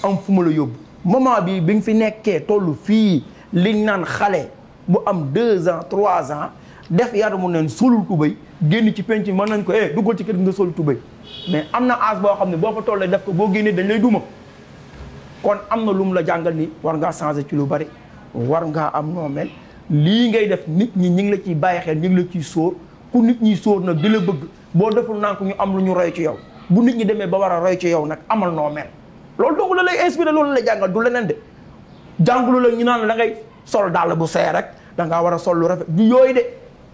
am fu mu la yóbbu moment bi bi nga fi nekkee tollu fii liñ naan xale bu am deux ans trois ans def yaramu neen solul tubéy génn ci penc mën nañ ko eh duggal ci kër nga solul tubéy mais am na âge boo xam ne boo fa tollee def ko boo génnee dañ lay duma kon am na lu mu la jàngal ni war ngaa changer ci lu bari war ngaa am noo mel lii ngay def nit ñi ñi ngi la ciy bàyyi xel ñi ngi la ciy sóor ku nit ñi sóor nag di la bëgg boo deful naa ñu am lu ñu roy ci yow bu nit ñi demee ba war a roy ci yow nag amal noo mel loolu dong la lay inspiré loolu la jàngal du leneen de jàngulu la ñu naan da ngay sol dàll bu see rek da ngaa war a sol lu rafet du yooyu de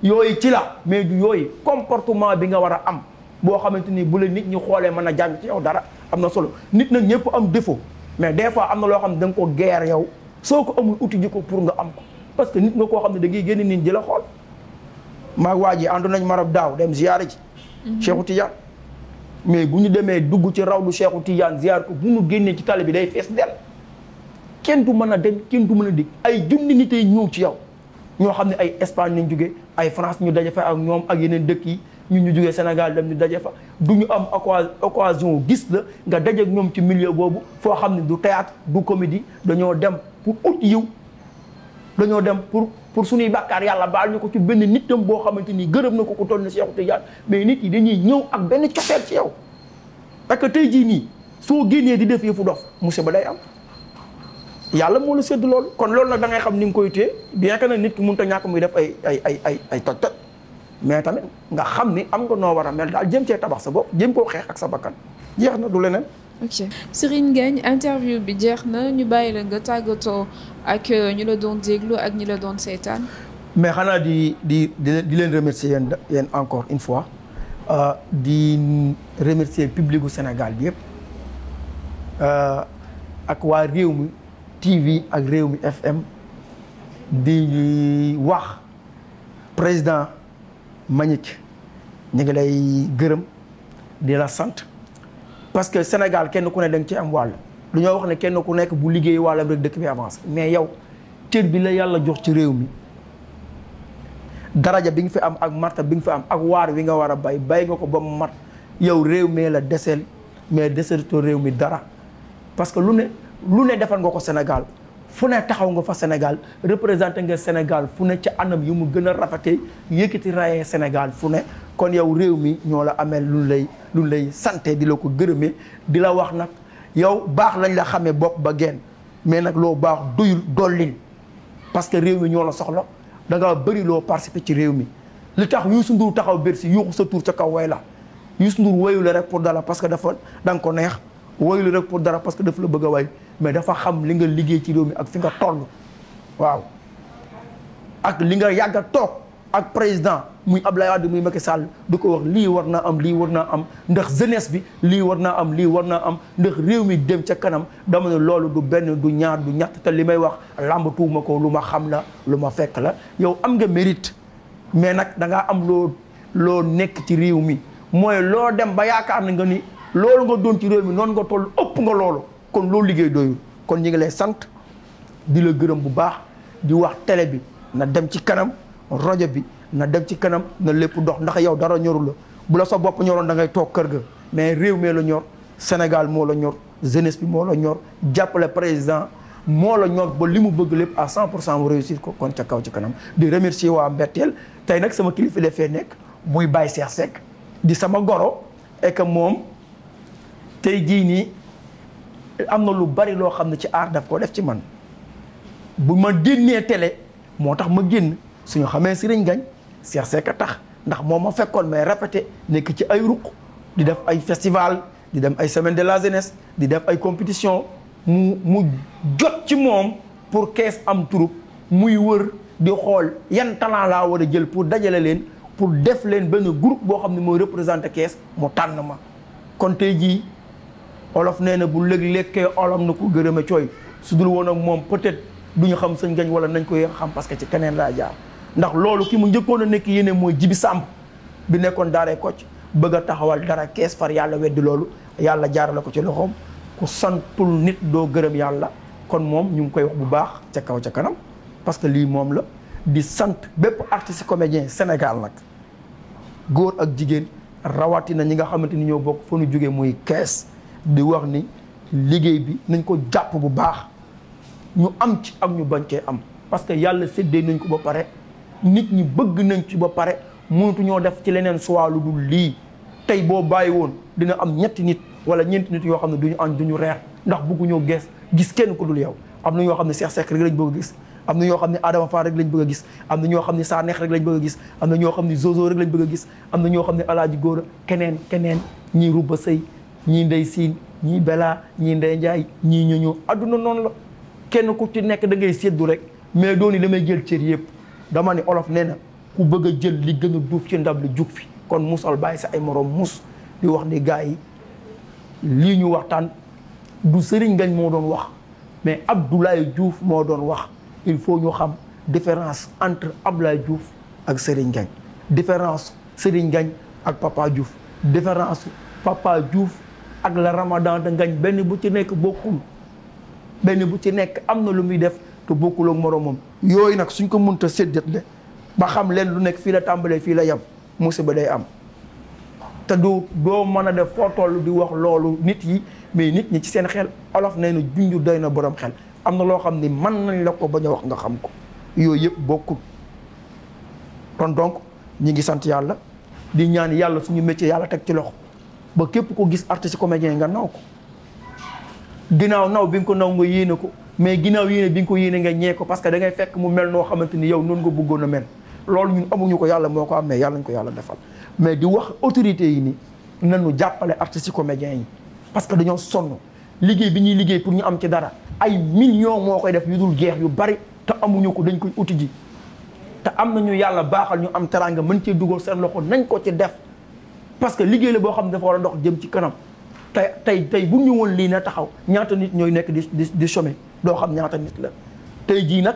yooyu ci la mais du yooyu comportement bi nga war a am boo xamante ni bu la nit ñi xoolee mën a jàng ci yow dara am na solo nit nag ñëpp am défaut mais des fois am na loo xam ne da nga ko geer yow soo ko amul uti ji ko pour nga am ko parce que nit nga koo xam ne dangay génne génn nit la xool maa waa ji àndoon nañ Maroc daaw dem ziyaara ji mm-hmm. Cheikh mais bu ñu demee dugg ci rawdu Cheikhu Tidiane ziar ko bu ñu génnee ci tali bi day fees del kenn du mën a dem kenn du mën a dikk ay junni nit ay ñëw ci yow ñoo xam ne ay Espagne lañ jógee ay France ñu daje fa ak ñoom ak yeneen dëkk yi ñu ñu jógee Sénégal dem ñu daje fa du ñu am occasion gis la nga daje ñoom ci milieu boobu foo xam ne du théâtre du comédie dañoo dem pour ut yiw dañoo dem pour pour suñuy bàkkaar yàlla baal ñu ko ci benn nit nitam boo xamante ni gërëm na ko ku toll na Cheikh Tidiane mais nit yi dañuy ñëw ak benn cofeel ci yow parce que tey jii nii soo génnee di def yëfu dof ba day am yàlla moo la sédd loolu kon loolu nag da ngay xam ni nga koy téye bien que nit ki mënut a ñàkk muy def ay ay ay ay ay mais tamit nga xam ni am nga noo war a mel daal jëm cee tabax sa bopp jëm koo xeex ak sa bakkan jeex na du leneen ok Serigne Ngagne interview bi jeex na ñu bàyyi la nga tàggatoo ak euh, ñu la doon déglu ak ñi la doon seetaan. mais xanaa di di di leen remercier yéen encore une fois euh, di remercier public gu Sénégal bi yëpp euh, ak waa réew mi TV ak réew mi FM di wax président Mbagnick ñu ngi lay gërëm di la sant. parce que Sénégal kenn ku ne da nga ci am wàll lu ñoo wax ne kenn ku nekk bu liggéey wàllam rek dëkk bi avancé mais yow cër bi la yàlla jox ci réew mi daraja bi nga fi am ak marta bi nga fi am ak waar wi nga war a bay bay nga ko ba mu mat yow réew mi la deseel mais deseetoo réew mi dara parce que lu ne lu ne defal nga ko Sénégal fu ne taxaw nga fa Sénégal représenté nga Sénégal fu ne ci anam yu mu gën a rafetee yëkkati rayee Sénégal fu ne kon yow réew mi ñoo la amee lu lay lu lay santé di la ko gërëmee di la wax nag yow baax lañ la xamee bopp ba genn mais nag loo baax doyul dollin parce que réew mi ñoo la soxla da nga bëri loo participer ci réew mi li tax Youssou Ndour taxaw Bercy yuuxu sa tur ca kaw way la Youssou Ndour wayu la rek pour dara parce que dafa da ko neex wayu la rek pour dara parce que dafa la bëgg a way mais dafa xam li nga liggéey ci réew mi ak fi nga toll waaw ak li nga yàgg a toog ak président muy Abdoulaye Wade muy Macky Sall du ko wax lii war naa am lii war naa am ndax jeunesse bi lii war naa am lii war naa am ndax réew mi dem ca kanam dama ne loolu du benn du ñaar du ñett te li may wax làmbatuuma ko lu ma xam la lu ma fekk la yow am nga mérite mais nag da ngaa am loo loo nekk ci réew mi mooy loo dem ba yaakaar na nga ni loolu nga doon ci réew mi noonu nga toll ëpp nga loolu kon loolu liggéey doyul kon ñu ngi lay sant di la gërëm bu baax di wax télé bi na dem ci kanam rojo bi na dem ci kanam na lépp dox ndax yow dara ñoru bu la sa bopp ñoroon da ngay toog kër ga mais réew mee la ñor Sénégal moo la ñor jeunesse bi moo la ñor jàppale président moo la ñor ba li mu bëgg lépp à 100 pour cent mu réussir ko kon ca kaw ci kanam di remercier waa Mbetteel tey nag sama kilifa la fee nekk muy bàyyi seex Seck di sama goro et que moom tey jii nii am na lu bari loo xam ne ci aar daf ko def ci man bu ma génnee tele moo tax ma génn su ñu xamee Serigne Ngagne Cheikh Seck a tax ndax moo ma fekkoon may répété nekk ci ay ruq di def ay festival di dem ay semaine de la jeunesse di def ay compétition mu mu jot ci moom pour kees am troupe muy wër di xool yan talent laa war a jël pour dajale leen pour def leen benn groupe boo xam ne mooy représenté kees mu tànn ma kon tey jii olof nee na bu léeg-lékkee olom na ko gërëme cooy su dul woon ak moom peut-être du ñu xam Sëñ Ngagne wala nañ koy xam parce que ci keneen laa jaar ndax loolu ki mu njëkkoon na nekk yéene mooy jibi sàmb bi nekkoon daaree Kocc bëgg a taxawal dara kees far yàlla weddi loolu yàlla jaarale ko ci loxoom ku santul nit doo gërëm yàlla kon moom ñu ngi koy wax bu baax ca kaw ca kanam parce que lii moom la di sant bépp artiste comédien Sénégal nag góor ak jigéen rawatina ñi nga xamante ni ñoo bokk fa nu jógee muy kees di wax ni liggéey bi nañ ko jàpp bu baax ñu am ci am ñu bañ kee am parce que yàlla séddee nañ ko ba pare nit ñi bëgg nañ ci ba pare mënatu ñoo def ci leneen soit lu dul lii tey boo bàyyi woon dina am ñetti nit wala ñeenti nit yoo xam ne duñu du ñu reer ndax bëgguñoo gees gis kenn ku dul yow am na ñoo xam ne Cheikh Seck rek lañ bëgg gis am na ñoo xam ne Adama Fall rek lañ bëgg a gis am na ñoo xam ne Sanex rek lañ bëgg a gis am na ñoo xam ne Zozo rek lañ bëgg a gis am na ñoo xam ne Alaaji Góora keneen keneen ñii Ruba Sëy ñii Ndey Siin ñii belaa ñii Ndey Njaay ñii ñu ñu adduna noonu la kenn ku ci nekk da ngay séddu rek mais dooni damay jël cër yëpp dama ne olof nee na ku bëgg a jël li gën a duuf ci ndab li jug fi kon musal bàyyi sa ay moroom mus di wax ni gars yi lii ñu waxtaan du Serigne Ngagne moo doon wax mais ab Abdoulaye juuf moo doon wax il faut ñu xam différence entre Abdoulaye Diouf ak Serigne Ngagne différence sëriñ gañ ak Papa juuf différence Papa juuf ak la Ramadan de Ngagne benn bu ci nekk bokkul benn bu ci nekk am na lu muy def te bokkul ak moromam yooyu nag suñ ko munta séddale ba xam leen lu nekk fii la tàmbalee fii la yem musiba day am te du doo mën a def foo toll di wax loolu nit yi mais nit ñi ci seen xel olof nee na junj doy na boroom xel am na loo xam ni mën nañ la ko bañ a wax nga xam ko yooyu yëpp bokkul kon donc ñi ngi sant yàlla di ñaan yàlla ñu métier yàlla teg ci loxo ba képp ko gis artiste comédien nga naw ko ginnaaw naw bi nga ko naw nga mais ginnaaw yéene bi nga ko yéene nga ñee ko parce que da ngay fekk mu mel noo xamante ni yow noonu nga bëggoon a mel loolu ñun amuñu ko yàlla moo ko am mais yàlla ñu ko yàlla defal mais di wax autorité yi ni nañu jàppale artistes yi comédiens yi parce que dañoo sonn liggéey bi ñuy liggéey pour ñu am ci dara ay millions moo koy def yu dul jeex yu bari te amuñu ko dañ koy uti ji te am nañu yàlla baaxal ñu am teraanga mën cee dugal seen loxo nañ ko ci def parce que liggéey la boo xam ne dafa war a dox jëm ci kanam tey tey tey bu ñu woon lii na taxaw ñaata nit ñooy nekk di di chômer doo xam ñaata nit la tey jii nag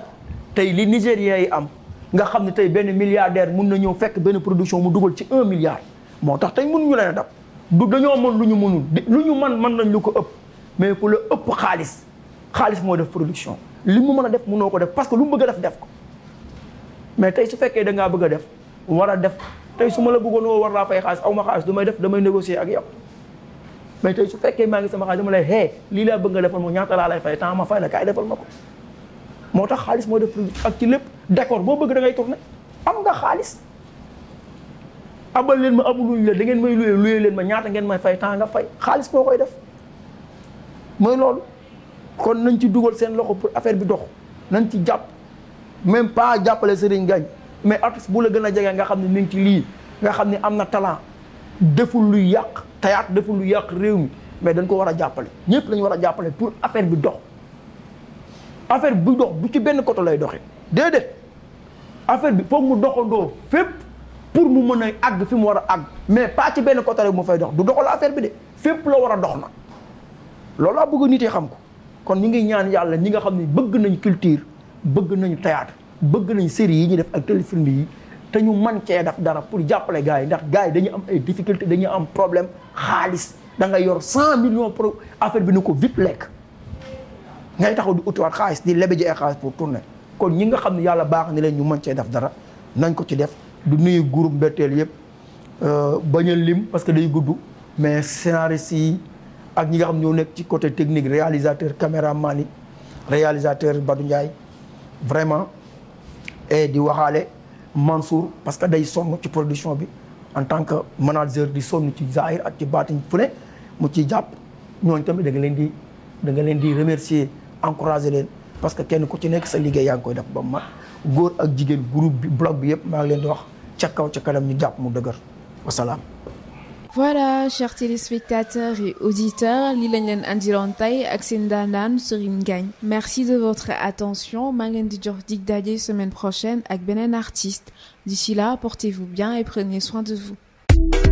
tey li Nigéria yi am nga xam ne tey benn milliardaire mun na ñëw fekk benn production mu dugal ci un milliard moo tax tey mënuñu leen a dab du dañoo mën lu ñu mënul lu ñu man mën nañ lu ko ëpp mais ku la ëpp xaalis xaalis moo def production li mu mën a def munoo ko def parce que lu mu bëgg a def def ko mais tey su fekkee da ngaa bëgg a def war a def tey su ma la bëggoon woo war laa fay xaalis aw ma xaalis du may def damay négocier ak yow mais tey su fekkee maa ngi sama xaalis dama lay hee lii laa bëgg nga defal ma ñaata laa lay fay temps ma fay la kaay defal ma ko moo tax xaalis moo def ak ci lépp d'accord boo bëgg da ngay tourné am nga xaalis abal leen ma abuluñ la da ngeen may luyee luyee leen ma ñaata ngeen may fay temps nga fay xaalis moo koy def mooy loolu kon nañ ci dugal seen loxo pour affaire bi dox nañ ci jàpp même pas jàppale Serigne Gagne mais artiste bu la gën a jege nga xam ne ni ngi ci lii nga xam ne am na talent deful lu yàq tayaat deful lu yàq réew mi mais dañ ko war a jàppale ñëpp lañu war a jàppale pour affaire bi dox affaire bi dox bu ci benn côté lay doxee déedéet affaire bi foog mu doxandoo fépp pour mu mën a àgg fi mu war a àgg mais pas ci benn côté rek mu fay dox du doxal affaire bi de fépp la war a dox na loolu laa bëgg nit yi xam ko kon ñu ngi ñaan yàlla ñi nga xam ne bëgg nañu culture bëgg nañu théâtre bëgg nañu série yi ñuy def ak téléfilm yi te ñu man cee def dara pour jàppale gars yi ndax gars yi dañuy am ay difficulté dañuy am problème xaalis da nga yor cent millions pour affaire bi nu ko vite lekk ngay taxaw di utiwaat xaalis di lebe ji ay xaalis pour tourner kon ñi nga xam ne yàlla baax ni leen ñu mën cee def dara nañ ko ci def du nuy groupe Mbettel yëpp euh, bañ a lim parce que day gudd mais scénariste si ak ñi nga xam ñoo nekk ci côté technique réalisateur caméraman yi réalisateur Badou Ndiaye vraiment et Mansour parce que day sonn ci production bi en tant que manager di sonn ci Zahir ak ci baatin fu ne mu ci jàpp ñooñu tamit danga leen di da nga leen di remercier encourager leen parce que kenn ku ci nekk sa liggéey yaa ngi koy def ba mu mat góor ak jigéen groupe bi blog bi yëpp maa ngi leen di wax ca kaw ca kanam ñu jàpp mu dëgër wasalaam. voilà chers téléspectateurs et auditeurs li lañ leen andiloon tey ak seen daandaan Serigne Ngagne merci de votre attention maa ngi leen di jox dig daje semaine prochaine ak beneen artiste d'ici là portez-vous bien et prenez soin de vous